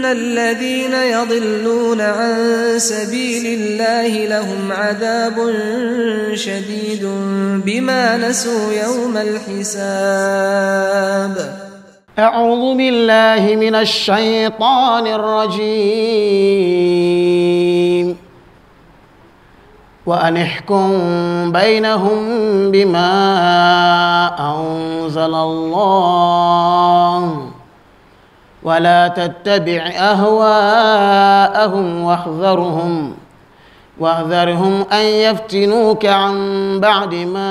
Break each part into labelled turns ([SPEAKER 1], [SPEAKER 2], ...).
[SPEAKER 1] إن الذين يضلون عن سبيل الله لهم عذاب شديد بما نسوا يوم الحساب أعوذ بالله من الشيطان الرجيم وأن احكم بينهم بما أنزل الله ولا تتبع أهواءهم واحذرهم واحذرهم أن يفتنوك عن بعد ما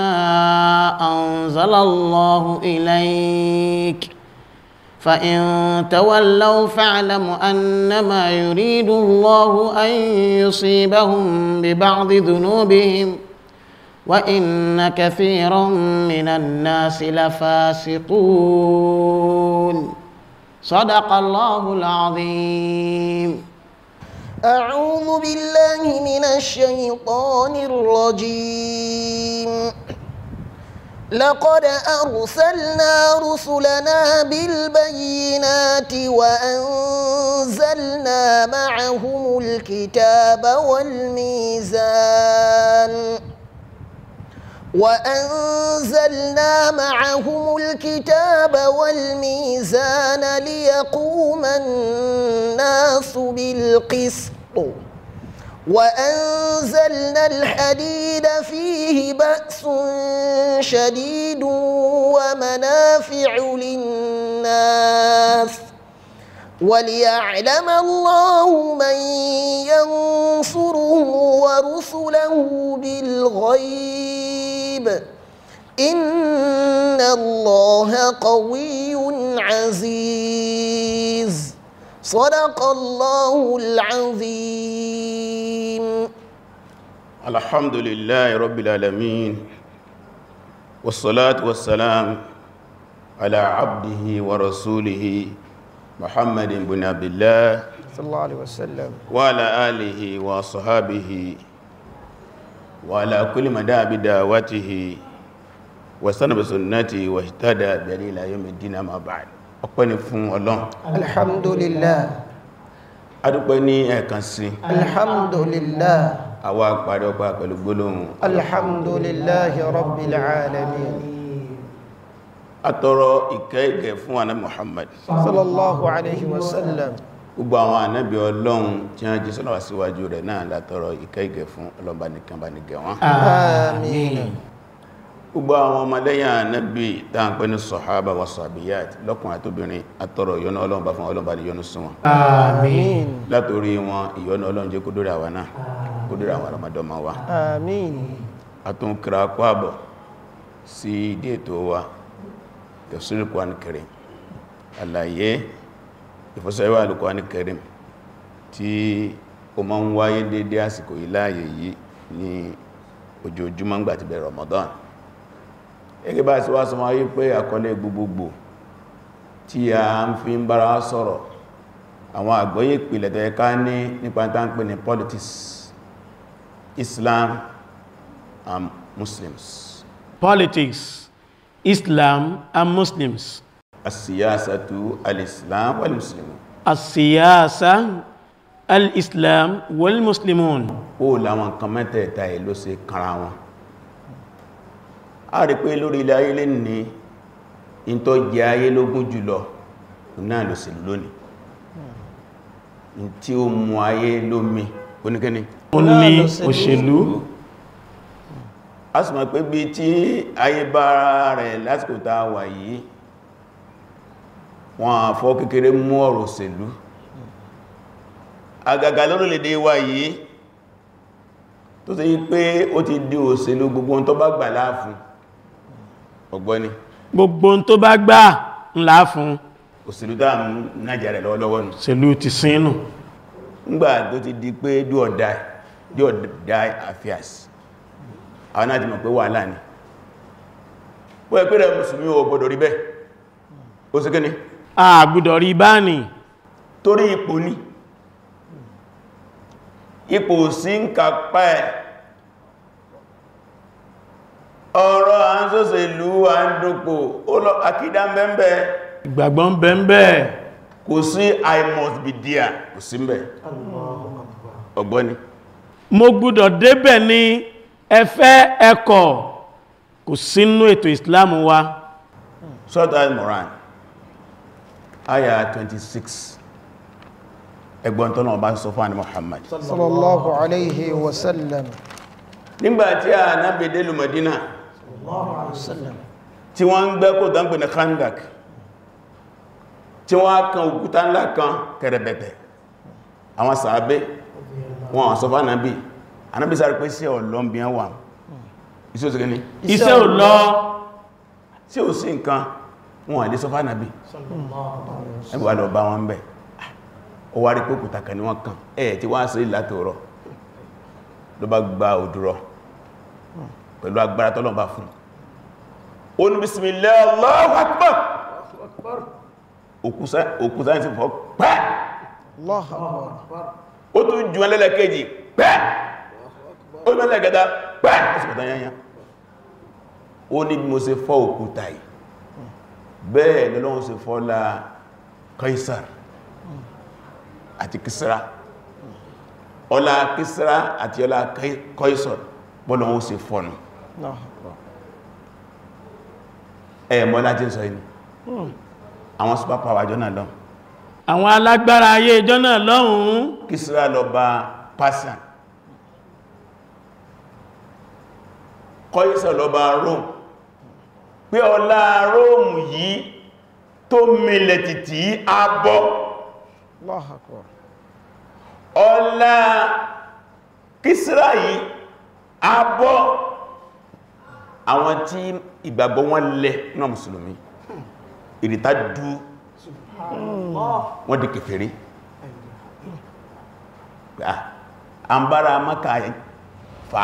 [SPEAKER 1] أنزل الله إليك فإن تولوا فاعلم أنما يريد الله أن يصيبهم ببعض ذنوبهم وإن كثيرا من الناس لفاسقون صدق الله العظيم أعوذ بالله من الشيطان الرجيم لقد أرسلنا رسلنا بالبينات وأنزلنا معهم الكتاب والميزان وأنزلنا معهم الكتاب والميزان ليقوم الناس بالقسط وأنزلنا الحديد فيه بأس شديد ومنافع للناس وليعلم الله من ينصره ورسله بالغيب ان الله قوي عزيز صدق الله العظيم
[SPEAKER 2] الحمد لله رب العالمين والصلاه والسلام على عبده ورسوله محمد بن عبد الله
[SPEAKER 1] صلى الله عليه وسلم
[SPEAKER 2] وعلى آله وصحابه وعلى كل مدى بدعوته وسن بسنته واهتدى بدليل يوم الدين ما بعد ọpẹ́ ni fún Ọlọ́run alhamdulillah adúpẹ́ ní ẹ̀kan sí
[SPEAKER 1] alhamdulillah
[SPEAKER 2] àwa àpàdé ọpá pẹ̀lú gbólóhùn
[SPEAKER 1] alhamdulillah rabbil alamin
[SPEAKER 2] àtọrọ ìkẹ́ ìgẹ̀ fún ànà Muhammad sallallahu
[SPEAKER 1] alaihi wasallam
[SPEAKER 2] gbogbo àwọn ànábì ọlọ́run tí wọ́n jí sọ́nà wá síwájú rẹ̀ náà látọrọ ìkẹ́ ìgẹ̀ fún ọlọ́mbà nìkan bá ní gẹ̀ wọ́n àmín gbogbo àwọn ọmọlẹ́yìn ànábì tàǹpẹ́ ní sọ̀hábà wa sí ìdí ètò wa tafsir al-Qur'an al-Karim àlàyé ìfọ́sẹ̀wà al-Qur'an al-Karim tí o máa ń wáyé dédé àsìkò ìláyè yìí ni ojoojúmọ́ ń gbà ti bẹ̀rẹ̀ Ramadan ẹgbẹ́ bá ti wá sọmọ́ ayé pé àkọlé gbogbogbò tí a ń fi ń bára sọ̀rọ̀ àwọn àgbọ́yé ìpìlẹ̀ tó yẹ ká ní nípa tánpé ní politics Islam and Muslims politics Islam and Muslims. As-siyasatu al-Islam wal-Muslimun. Asiyasa al-Islam wal-Muslimun. O láwọn kan mẹ́tẹ̀ẹ̀ta yìí ló ṣe kanra wọn. A rí pé lórí ilẹ̀ ayé lè ní ìntọ́ jẹ ayé lógún jùlọ náà ló sì lónìí. Tí ó mú ayé lómi, oníkẹ́ni. Ó ní òṣèlú a sì mọ̀ pé bí tí ayé bá rẹ̀ lásìkò tá a wà yìí wọn àfọ́ kékeré mú ọ̀rọ̀ òṣèlú àgàgà lórílẹ̀-èdè wa yìí tó sì pé ó ti di òṣèlú gbogbo tó bá gbà láàfún ọgbọ́ni gbogbo tó bá gbà láàfún òṣèlú tá ń nájà rẹ̀ lọ́wọ́lọ́wọ́ àwọn náà pé wàhálà ni bó ẹ pẹ́rẹ mùsùlùmí ò gbọdọ̀ rí bẹ́ẹ̀ ó sì kíni àgbùdọ̀ rí bá ní torí ipò ní ipò sí ń kàpá ẹ̀ ọ̀rọ̀ à ń sọ́sẹ̀ ìlú à ń dúpò àkídá mẹ́mẹ́ i must be there kò sí mẹ́ ọgbọ́ni mo gbọ́dọ̀ débẹ̀ ni ẹfẹ́ ẹkọ̀ kò sínú ètò islam wa Surat Al-Imran ayah 26 ẹgbọ́n tọ́nà ọba sọ fún Muhammad sallallahu
[SPEAKER 1] alaihi wasallam
[SPEAKER 2] nígbàtí a nábèdè lu Madina tí wọ́n ń gbẹ́ kò dánpẹ̀ ní khandak tí wọ́n kan òkúta ńlá kan kẹrẹbẹ̀tẹ̀ àwọn sàábé wọn sọ anábí sáré pé sí ọ̀lọ́ bí wà iṣẹ́ òsìkẹ́ ní iṣẹ́ ọ̀lọ́ tí ó sí nǹkan wọn àdé sọfá nàbí ẹgbà lọ bá wọn bẹ̀ ó wá rí pé kùtàkà ní wọn kan ẹ̀ tí wá sí látòrọ ló bá gba òdúrọ pẹ̀lú agbára tọ́lọ̀ bá fún ó Allahu akbar òkú sáyẹ́nsì fọ́ ó tún jù ẹlẹ́lẹ́kẹ́jì pẹ́ ó lọ́lẹ̀ gẹ́gẹ́ pẹ́ ìsìnkẹta yányá ó ní bí mo ṣe fọ́ òkúta yìí bẹ́ẹ̀ lọ́lọ́run ṣe fọ́ la Kaisar àti Kisra ọlá Kisra àti ọlá Kaisar bọ́lọ́run ṣe fọ́nù ẹ̀mọ́ láti sọ inú àwọn superpower jọ náà lọ́hùn àwọn alágbára ayé jọ náà lọ́hùn Kisra lọ bá Persian kọ́yísà lọ́ba Rome pé ọlá Rome yìí tó mìlẹ̀ títí abọ́ ọlá Kísírà yìí abọ́ àwọn tí ìgbàgbọ́ wọn lẹ náà mùsùlùmí ìrìta dú wọ́n di kèfèrí àmbára maka fa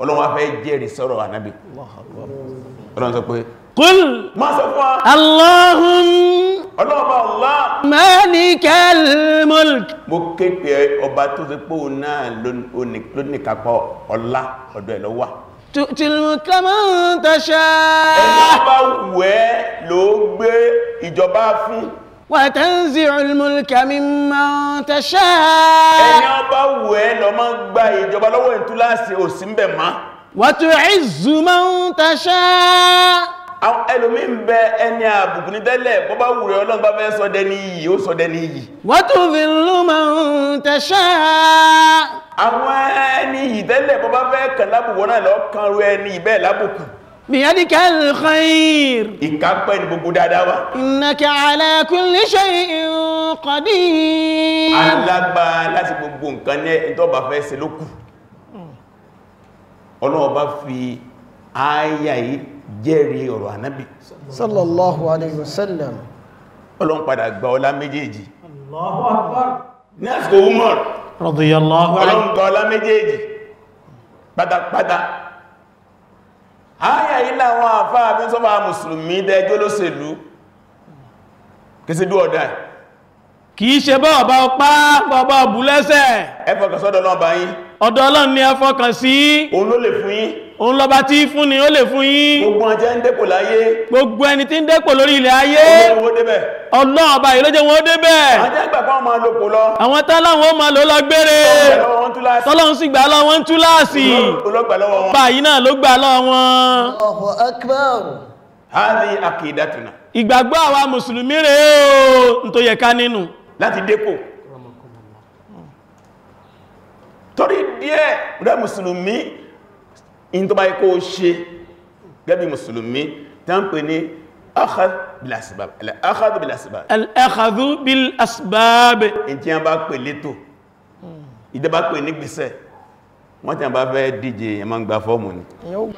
[SPEAKER 2] ọlọ́wọ́ fẹ́ jẹ́rì sọ́rọ̀ ànábì ọlọ́wọ́ sọ pé kúl ma sọ fún ọlọ́wọ́ allah malikal mulk mo képe ọba tó ti pò náà lónìkàpọ̀ ọlá ọ̀dọ̀ ẹ̀ lọ́wà wàtánzìrì múlùkà mímọ́ tẹ́ṣẹ́ ẹni ọba wù ẹ́ lọ máa ń gba ìjọba lọ́wọ́ ìtúláàsì òsì ń bẹ̀ má wàtù ìzù máa ń tẹ́ṣẹ́ àwọn ẹlòmí ń bẹ ẹni àbùkù ní tẹ́lẹ̀ bọ́ bá wù rẹ̀ ọlọ́run bá fẹ́ sọ dẹni iyì ó sọ dẹni iyì wàtù fìlú máa ń tẹ́ṣẹ́ àwọn ẹni iyì tẹ́lẹ̀ bọ́ bá fẹ́ kàn lábùkù náà lọ kàn rú ẹni ìbẹ́ lábùkù biyadika alkhair ìkápẹ́ ni gbogbo dáadáa wà innaka ala kulli shay'in qadir alágbà láti gbogbo nǹkan ní ìtọ́bà fẹ́ ṣe lókù Ọlọ́run bá fi ayà yìí jẹ́rìí ọ̀rọ̀ ànábì sallallahu alayhi wa sallam Ọlọ́run padà gba ọlá méjèèjì Allahu akbar ní àsìkò Umar radiyallahu anhu Ọlọ́run gba ọlá méjèèjì pátápátá ayà ilá àwọn àfáà bí sọ́fà mùsùlùmí dẹjọ́ lóṣèlú kìí bí ọ̀dá kìí ṣe bọ́ ọ̀bá ọpá bọ́ọ̀bá ọ̀bùlẹ́sẹ̀ ẹfọ̀kàsọ́dọ̀ lọ́bàá yìí ọ̀dọ̀ ọlọ́run ni a fọkàn sí òun ló lè fún yín òun lọba tí fún ni ó lè fún yín gbogbo ọjẹ́ ń dépò láyé gbogbo ẹni tí ń dépò lórí ilẹ̀ ayé ọlọ́run ọba yìí ló jẹ́ wọn ó débẹ̀ àwọn táláwọn ó máa lò lọ gbére tọ́lọ́run sì gbà lọ́wọ́ ń túláàsì báyìí náà ló gbà lọ́wọ́ Allahu hadi akidatuna ìgbàgbọ́ àwa mùsùlùmí rẹ̀ ooo tó yẹ díẹ̀ rẹ̀ mùsùlùmí in tó bá ikó ṣe gẹ́bí mùsùlùmí tán pè ní akhadh bil asbab al-akhadh bil asbab al-akhadh bil asbab in tí a bá pè létò ìdẹ́bá pè ní gbèsè wọ́n tí a bá fẹ́ díje èyàn máa gba fọ́ọ̀mù ni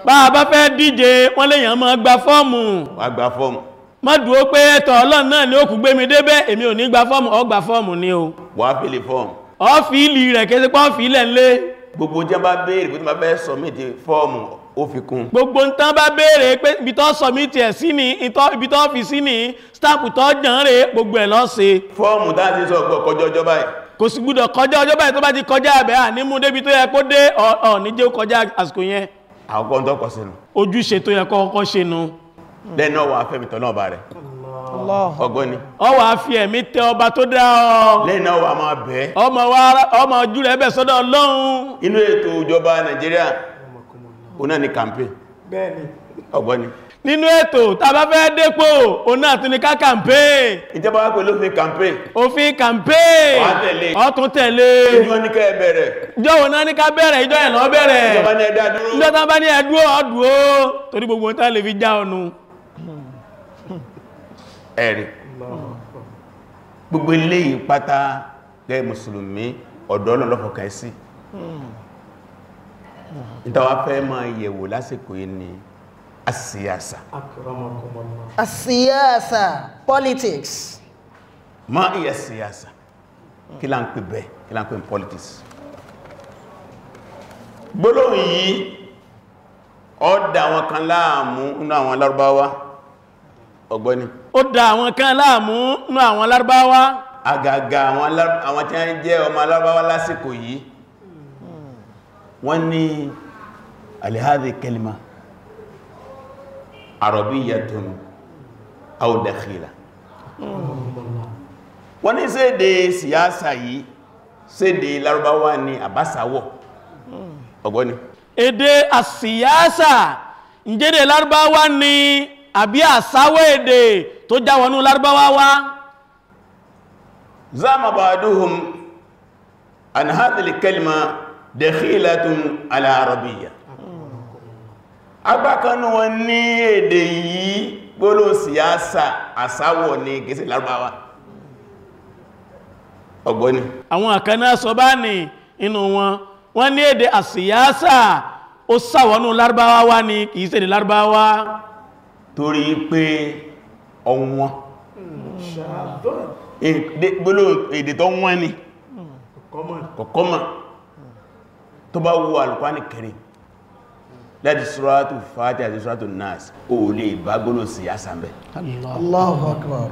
[SPEAKER 2] bá a bá fẹ́ díje wọ́n lè yàn máa gba fọ́ọ̀mù wà gba fọ́ọ̀mù má dúó pé ẹ̀tọ̀ ọlọ́run náà ni ó kù gbé mi débẹ̀ èmi ò ní gba fọ́ọ̀mù ọ gba fọ́ọ̀mù ni o wà fílì fọ́ọ̀mù ọ fílì rẹ̀ kéṣe pọ́n fílẹ̀ ńlé gbogbo jẹ́ bá béèrè pé tí ma fẹ́ sọmítì fọ́ọ̀mù ó fi kún gbogbo ń tán bá béèrè pé ibi tó sọmítì ẹ̀ sí ni ibi tó fi sí ni stamp tó jàn rẹ̀ gbogbo ẹ̀ lọ́sẹ̀ fọ́ọ̀mù dáadé sọ gbọ́ kọjọ́ ọjọ́ báyìí kò sì gbúdọ̀ kọjá ọjọ́ báyìí tó bá ti kọjá ẹ̀bẹ̀ ànímú débi tó yẹ kó dé ọ̀ ní jẹ́ kọjá àsìkò yẹn àkọ́kọ́ ń tọ́kọ̀ sínú ojúṣe ọgbọ́ni ọ wà fi ẹ̀mí tẹ ọba tó dá ọ lẹ́nà wà máa bẹ́ ọmọ ojú rẹ̀ ẹbẹ̀ sọ́dọ̀ inú ètò ìjọba Nàìjíríà ọ̀nà ni campaign bẹ́ẹ̀ni nínú ètò tàbá fẹ́ dépò ọ̀nà tún ní ìjọba òfin ọ̀tún tẹ̀lé ìjọ ní ká bẹ̀rẹ̀ ìjọ ìjọba ní torí ẹ̀rì gbogbo ilé yìí pátá gẹ́ mùsùlùmí ọ̀dọ̀ ọlọ́lọ́fọ̀kẹ́ sí ìtawà fẹ́ ma yẹ̀wò lásìkò ní asíyàsà
[SPEAKER 1] asíyàsà politics
[SPEAKER 2] ma iya siyasa kí la ń pè bẹ́ kí la ń pè politics gbólóhùn yìí ó dá àwọn kan láàmú nínú àwọn lárúbáwá ọgbọ́ni ó dá àwọn kan láàmú ní àwọn lárúbáwá àgàgà àwọn tí a ń jẹ́ ọmọ lárúbáwá lásìkò yìí wọ́n ní alihadi kelima arabiyatun aw dakhila wọ́n ní sédè siyasa yìí sédè lárúbáwá ni àbásáwọ̀ ọgbọ́ni èdè àsíyásà ìjẹ́dẹ̀ lárúbáwá ni àbí àsáwọ̀ èdè tó já wọnú lárúbáwá wá zama ba'duhum an hadhihi al-kalima dakhilatun ala arabiyya agbákanú wọn ní èdè yìí gbóló síyásà àsáwọ̀ ní gẹ̀ẹ́sì lárúbáwá ọgbọ́ni àwọn àkaná sọ bá ní inú wọn wọ́n ní èdè àsíyásà ó sáwọnú lárúbáwá wá ní kìí ṣèdè lárúbáwá torí pé ọ̀wọ́n gbóló èdè tó wọ́n ni kọ̀kọ́mọ̀ tó bá wo alùkwáni kẹrì láti sọ́rọ̀tù fàájì àti sọ́rọ̀tù nas o lè bá gbóló sí asàmbẹ̀
[SPEAKER 1] Allahu Akbar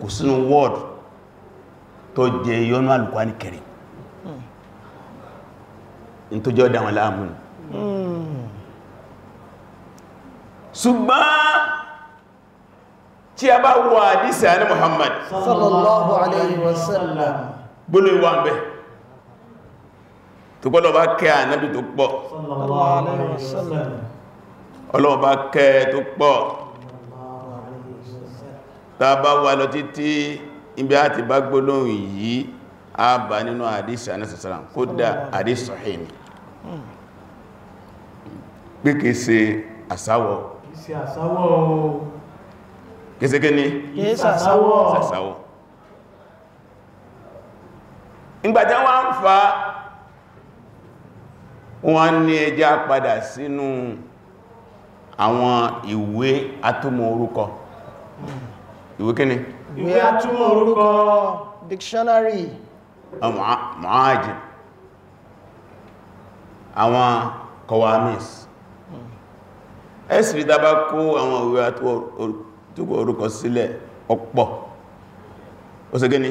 [SPEAKER 2] kò sínú word tó jẹ yọnú alùkwáni kẹrì hmm. ní tó jọ dáwọn láàmù ṣùgbọ́n tí a bá wọ àdísì àní Muhammad sallallahu
[SPEAKER 1] alayhi wa sallam
[SPEAKER 2] gbóló ìwà ń bẹ tó gbọ́lọ̀ bá kẹ́ ànábì tó pọ̀
[SPEAKER 1] sallallahu alayhi wa sallam
[SPEAKER 2] ọlọ́wọ́ bá kẹ́ tó pọ̀ tàbá wà lọ títí ibi àti bá gbólóhùn yìí a àsáwọ̀ ìsì àsáwọ̀ ooo kìsíkí ni ìsàsáwọ̀ ìgbàtí wọ́n ń fa wọ́n ní ẹjá padà sínú àwọn ìwé atúmọ̀ orúkọ ìwé kíni ìwé atúmọ̀
[SPEAKER 1] orúkọ dictionary
[SPEAKER 2] ma'ajim àwọn kawamis ẹ̀sìrì tàbá kó àwọn òwe àtúkò orúkọ sílẹ̀ ọ̀pọ̀ ó sì gẹ́ni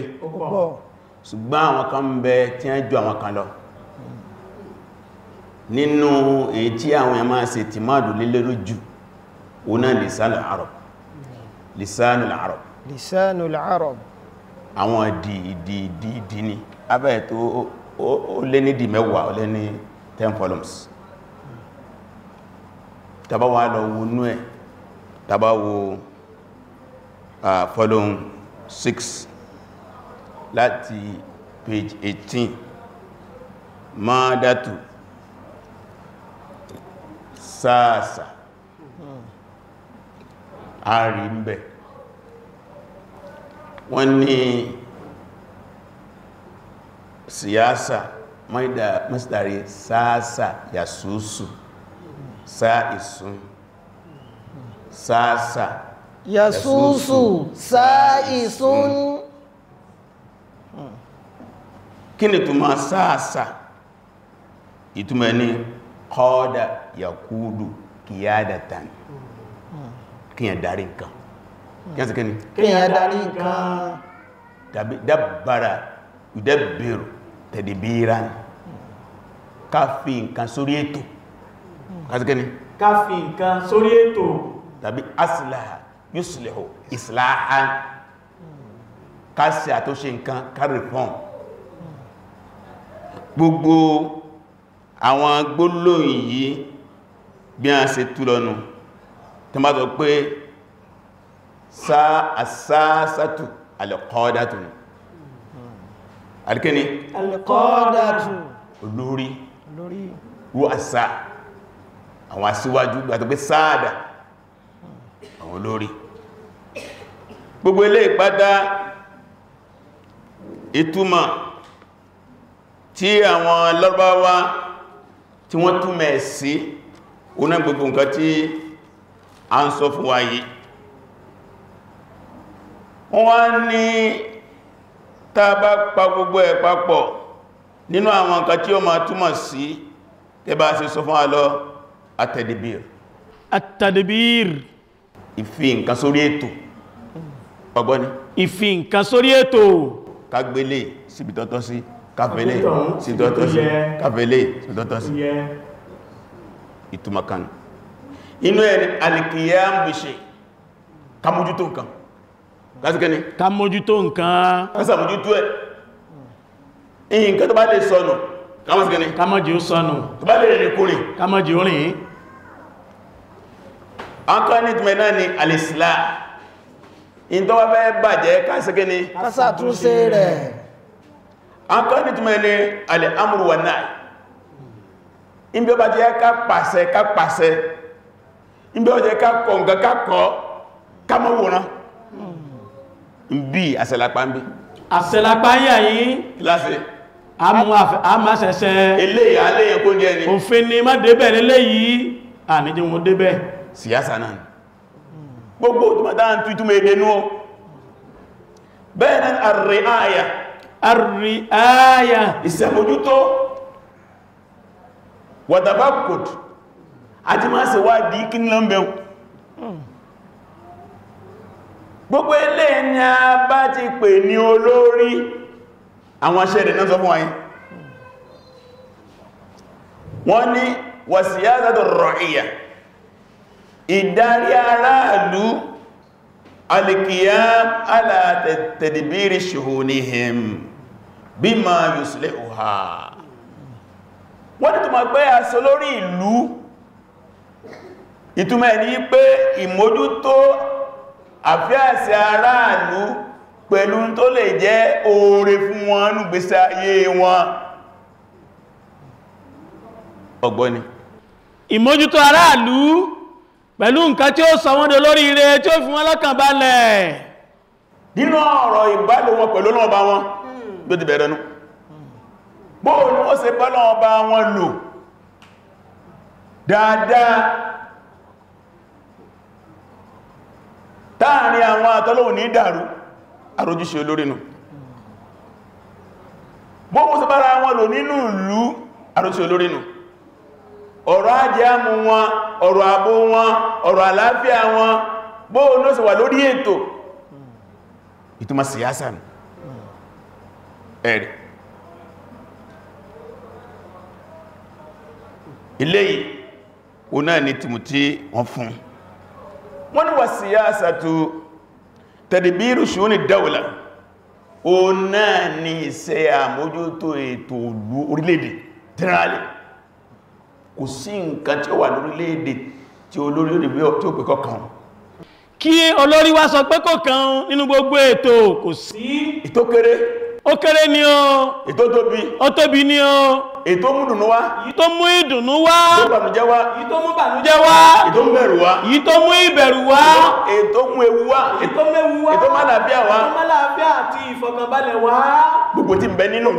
[SPEAKER 2] ṣùgbọ́n àwọn kan bẹ tí a jù àwọn kan lọ nínú èyí tí àwọn ẹ̀mà ṣe ti máa dùn lélẹ́rú jù ó náà lisanul arab lisanul arab arab àwọn dìdìdìdì ni abẹ́ tó ó lé ní dì mẹ́wàá ó lé 10 volumes tàbá wà lọ wo nú ẹ̀ tàbá wo following 6 láti page 18 Ma dátù sáàsà a rí ń bẹ̀ wọ́n ní siyasa masdari sáàsà yasusu. Hmm sáìsùn sáàsà yasúsù
[SPEAKER 1] sáìsùn
[SPEAKER 2] kí ni túnmọ̀ sáàsà ìtumọ̀ ní kọ́ọ̀dà yakúdù kìyádàtàn kíyàn darí nǹkan kíyàn sí kíni kíyàn darí nǹkan tàbí dábàrà ìdẹ́bẹ̀rù tẹ̀dìbíra ká fi nǹkan sórí ètò kásíkẹ́ni ká fi nǹkan sórí ètò tàbí asìláà yuslihu islahan ká sí àtúnṣe nǹkan ká reform gbogbo àwọn gbólóhùn yìí bí a ṣe tú lọ́nu tó má sọ pé sáàsátù alẹ́kọ́ọ́dátù
[SPEAKER 1] alẹ́kọ́ọ́dátù
[SPEAKER 2] olórí wọ́n àsáà àwọn aṣíwájú gbàtọ̀ pé sáàdà àwọn olórí gbogbo ilé ìpátá ìtumọ̀ tí àwọn lọ́rọ̀báwá tí wọ́n túnmẹ̀ sí oná gbogbo nǹkan tí a ń sọ fún wa yìí wọ́n wá ní tá bá pa gbogbo ẹ̀ papọ̀ nínú àwọn nǹkan tí ó ma túmọ̀ sí tẹ́bá ṣe sọ fún àlọ́ atẹ́dìbìr atẹ́dìbìr ìfi nǹkan sórí ètò ọgbọ́ni ìfi nǹkan sórí ètò kágbélé síbi tọ́tọ́ sí káfẹ́lé síbi tọ́tọ́ sí káfẹ́lé síbi tọ́tọ́ sí ìtumakan inú ẹni alìkìyà ń bèṣe kamójútó nǹkan kásìkẹ́ ni kamójútó nǹkan kásàmójútó ẹ̀ nǹkan tó bá lè sọnù kamójútó sọnù tó bá lè rìn kúrìn kamójú rìn antoinette mena ni alisla in tó wá fẹ́ bàjẹ́ kásíkí ni kásàtúnṣe rẹ̀ antoinette mena ni al'amurwa náà in bí ó bá jẹ́ ká pàṣẹ in bí ó jẹ́ ká nǹkan bí àṣẹlápá ń bí àṣẹlápá yà síyásà náà gbogbo òtùmọ̀tán tútùmọ̀ èdè nú bẹ́ẹ̀ náà àríáyà àríáyà ìṣàmójútó wàtàbákòd àti máa ṣe wá dí kí lọ́mbẹ̀ gbogbo ilé ni a bá ti pè ní olórí àwọn aṣẹ́rẹ̀ náà sọ fún ayé wọ́n ní wàsíyásà tó rọ̀ ìdarí aráàlú alìkìyàm alàtẹ̀dìbírí ṣùhóníhìm bí ma yùsùlẹ̀ òhà wọ́n tó ma pẹ́ aṣọ lórí ìlú ìtumọ̀ ní pé ìmójútó àfíàsí aráàlú pẹ̀lú tó lè jẹ́ oore fún wọn nùgbésí ayé wọn ọgbọ́ni ìmójútó aráàlú pẹ̀lú nǹkan tí ó sọ wọ́n dé lórí ire tí ó fi wọ́n lọ́kàn balẹ̀ nínú ọ̀rọ̀ ìbálò wọn pẹ̀lú lọ́ọ̀bá wọn ló ti bẹ̀rẹ̀ nú bóò ni wọ́n ṣe bọ́lọ́ọ̀bá wọn lò dáadáa táàrin àwọn àtọ́lóhùn ní dàrú àrójúṣe olórinu bóò wọ́n ṣe bára wọn lò nínú ìlú àrójúṣe olórinu ọ̀rọ̀ ajẹ́mú wọn ọ̀rọ̀ àbò wọn ọ̀rọ̀ àlàáfíà wọn bóò náà sì wà lórí ètò ìtumọ̀ síyásà nù ẹ̀rẹ̀ iléyìí o náà ni tìmùtí wọn fún wọ́n ni wà síyásà tó tẹ̀dìbírù ṣúnì dáwùlà o náà ni iṣẹ́ àmójútó ètò orílẹ̀-èdè tẹ́rẹ̀lẹ̀ kò sí nǹkan tí ó wà lórílẹ̀-èdè tí olórí ó dìbí tí ó pẹ̀kọ́ kan kí olórí wá sọ pé kò kan nínú gbogbo ètò kò sí ètò kéré ó kéré ni o ètò tóbi ó tóbi ni o ètò mú ìdùnnú wá èyí mú ìdùnnú wá èyí mú bànújẹ́ wá èyí mú bẹ̀rù wá èyí mú ìbẹ̀rù wá èyí mú ewu wá èyí mẹ́wu wá èyí tó wá èyí tó àti ìfọ̀kànbalẹ̀ wá gbogbo tí ń bẹ nínú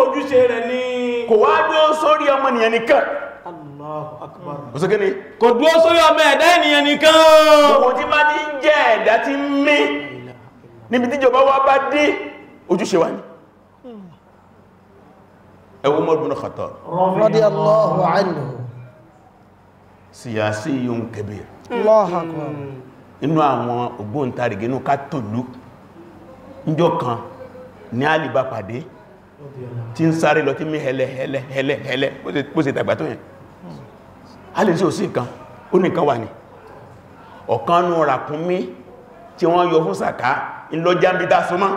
[SPEAKER 2] ojúṣe rẹ̀ ni kò wá dúró sórí ọmọ ènìyàn nìkan Allahu Akbar kò sí kíni kò dúró sórí ọmọ ẹ̀dá ènìyàn nìkan gbogbo tí bá ti jẹ́ ẹ̀dá ti mí níbi tíjọba wá bá dé ojúṣe wa ni ẹwọ Umar bin Khattab
[SPEAKER 1] radiyallahu anhu
[SPEAKER 2] siyasiyyun kabir
[SPEAKER 1] Allahu Akbar
[SPEAKER 2] inú àwọn ògbóǹtarìgì inú ká tòlú níjọ́ kan ní alìbá pàdé tí ń sáré lọ tí mí hẹlẹ̀ hẹlẹ̀ hẹlẹ̀ hẹlẹ̀ bó ṣe tàgbà tó yẹn a lè sí òsì kan ó nìkan wà ní ọ̀kanú ràkúnmí tí wọ́n yọ fún sàká ìlọjá bí dá súnmọ́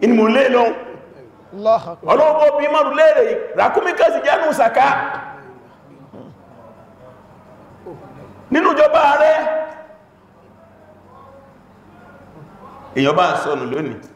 [SPEAKER 2] inú mú lé lọ ọlọ́gbọ́ bí mọ́rún lérè ràkúnmí kẹsì jẹ́nu sàká nínú ìjọba rẹ̀ èyàn bá sọnù lónìí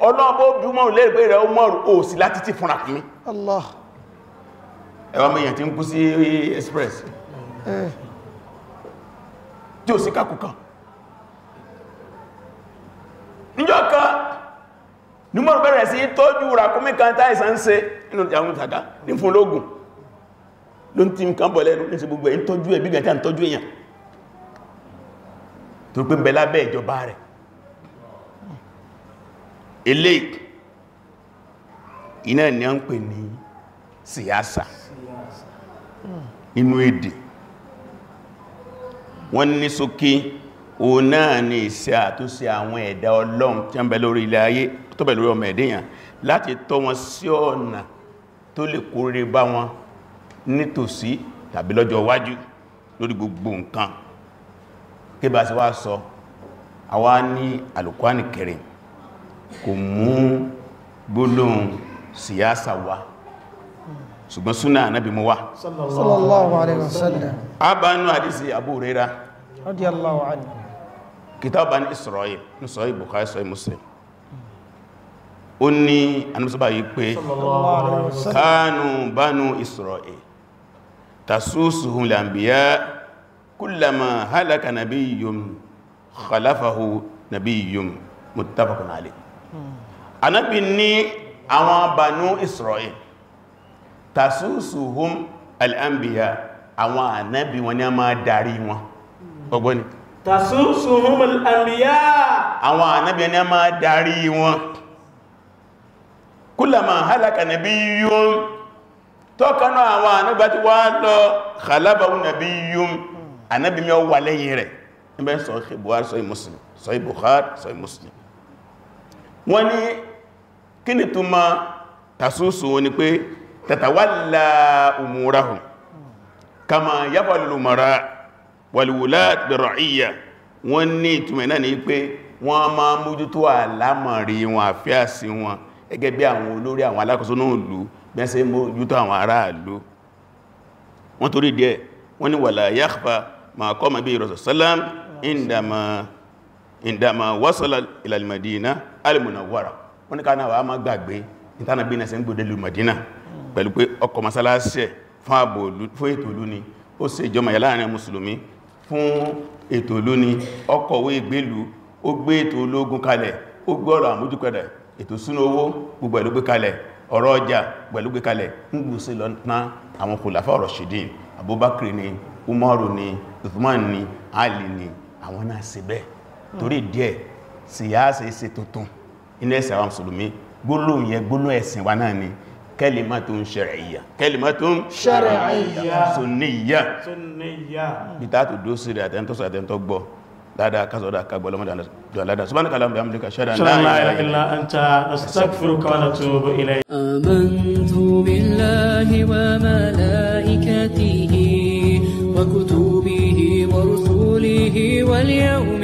[SPEAKER 2] ọlọ́ọ̀bọ̀ bí mọ́ lè pé rẹ̀ Umaru ò sí láti tí fúnra fún Allah ẹwà mẹ́yàn tí ń kú sí express eh. tí ò sí kàkùkàn níjọ́ kan ní Umaru bẹ̀rẹ̀ sí tọ́jú ràkúnmí kan táìsàn ń ṣe inú àwọn ìtàgá ní fún lógún ló ń tí nǹkan bọ̀ lẹ́nu ní sí gbogbo ẹ̀ ń tọ́jú ẹ̀ bí gẹ̀ẹ́ta ń tọ́jú èèyàn tó pé bẹ lábẹ́ ìjọba rẹ̀ eléyìí iná ni a ń pè ní siyasa inú èdè wọ́n ní sókè o náà ni iṣẹ́ àtúnṣe àwọn ẹ̀dá ọlọ́run tí a ń bẹ lórí ilẹ̀ ayé tó bẹ̀ lórí ọmọ ẹ̀dẹ́yàn láti tọ́ wọn sí ọ̀nà tó lè kórè bá wọn nítòsí tàbí lọ́jọ́ iwájú lórí gbogbo nǹkan kí sí wá sọ àwa ní Al-Qur'an kò mú gbólóhùn síyásà wá ṣùgbọ́n súnà ànábì mú wá sallallahu alaihi wasallam abánú àdísí Abu Hurairah
[SPEAKER 1] radiyallahu anhu
[SPEAKER 2] kitab Bani Isra'il ní sọ Bukhari sọ Muslim ó ní anúsọ́bà yìí pé kánù Banu Isra'il tasusuhum al-anbiya kullama halaka nabiyyun khalafahu nabiyyun muttafaqun alayh anábi ní àwọn Banu Israel tasusuhum al'ambiya àwọn anábi wọn ni a máa darí wọn ọgbọ́ni tasusuhum al'ambiya àwọn anábi ni a máa darí wọn kúlàmà halaka nàbí yíò tọ́kanú àwọn anábà ti wá lọ khalabahun nàbí yíò anábi mi ó wà lẹ́yìn rẹ̀ níbẹ̀ sọ Bukhari sọ Muslim sọ Bukhari sọ Muslim wọ́n ní kí ni tó máa tàṣúsù wọn pé tàtàwàlá umurahum kama yafalul umara wal wulat bi ra'iyya wọ́n ní ìtumẹ̀ náà ni pé wọ́n máa mójútó àlámọ̀rí wọn àfíàsí wọn gẹ́gẹ́ bí àwọn olórí àwọn alákòóso náà lú bẹ́ẹ̀sẹ̀ mójútó àwọn aráàlú wọ́n torí díẹ̀ wọ́n ní wala yakhfa ma qama bi rasul sallam indama indama wasala ilal madina al-munawwara wọ́n ní ká náà wà má gbàgbé ìtànàbí náà sí ń gbòdèlú madina pẹ̀lú pé ọkọ̀ masalasi fún ètò ìlú ni ó ṣe ìjọmọ̀ yà láàrin mùsùlùmí fún ètò ìlú ni ọkọ̀wé ìgbélú ó gbé ètò ológun kalẹ̀ ó gbé ọ̀rọ̀ àmójúkọ̀dẹ̀ ètò súnú owó gbogbo ẹ̀lú gbé kalẹ̀ ọ̀rọ̀ ọjà pẹ̀lú gbé ń gbù sí lọ tán àwọn khulafa Rashidin Abubakar ni Umaru ni Uthman ni Ali ni àwọn náà ṣe bẹ́ẹ̀ torí díẹ̀ síyáàsì ìṣe tuntun inú ẹ̀sìn àwọn mùsùlùmí gbólóhùn yẹ gbólóhùn ẹ̀sìn wa náà ni kalimatun shar'iyya kalimatun shar'iyya sunniyya sunniyya bitatu dosiri atento so atento gbọ́ dáadáa kásọ̀dá kagbọ́lọ́ mọ́dáadáa subhanaka allahumma bihamdika ashhadu an la ilaha illa anta astaghfiruka wa atubu ilayk amantu billahi
[SPEAKER 1] wa malaikatihi wa kutubihi wa rusulihi wal yawmi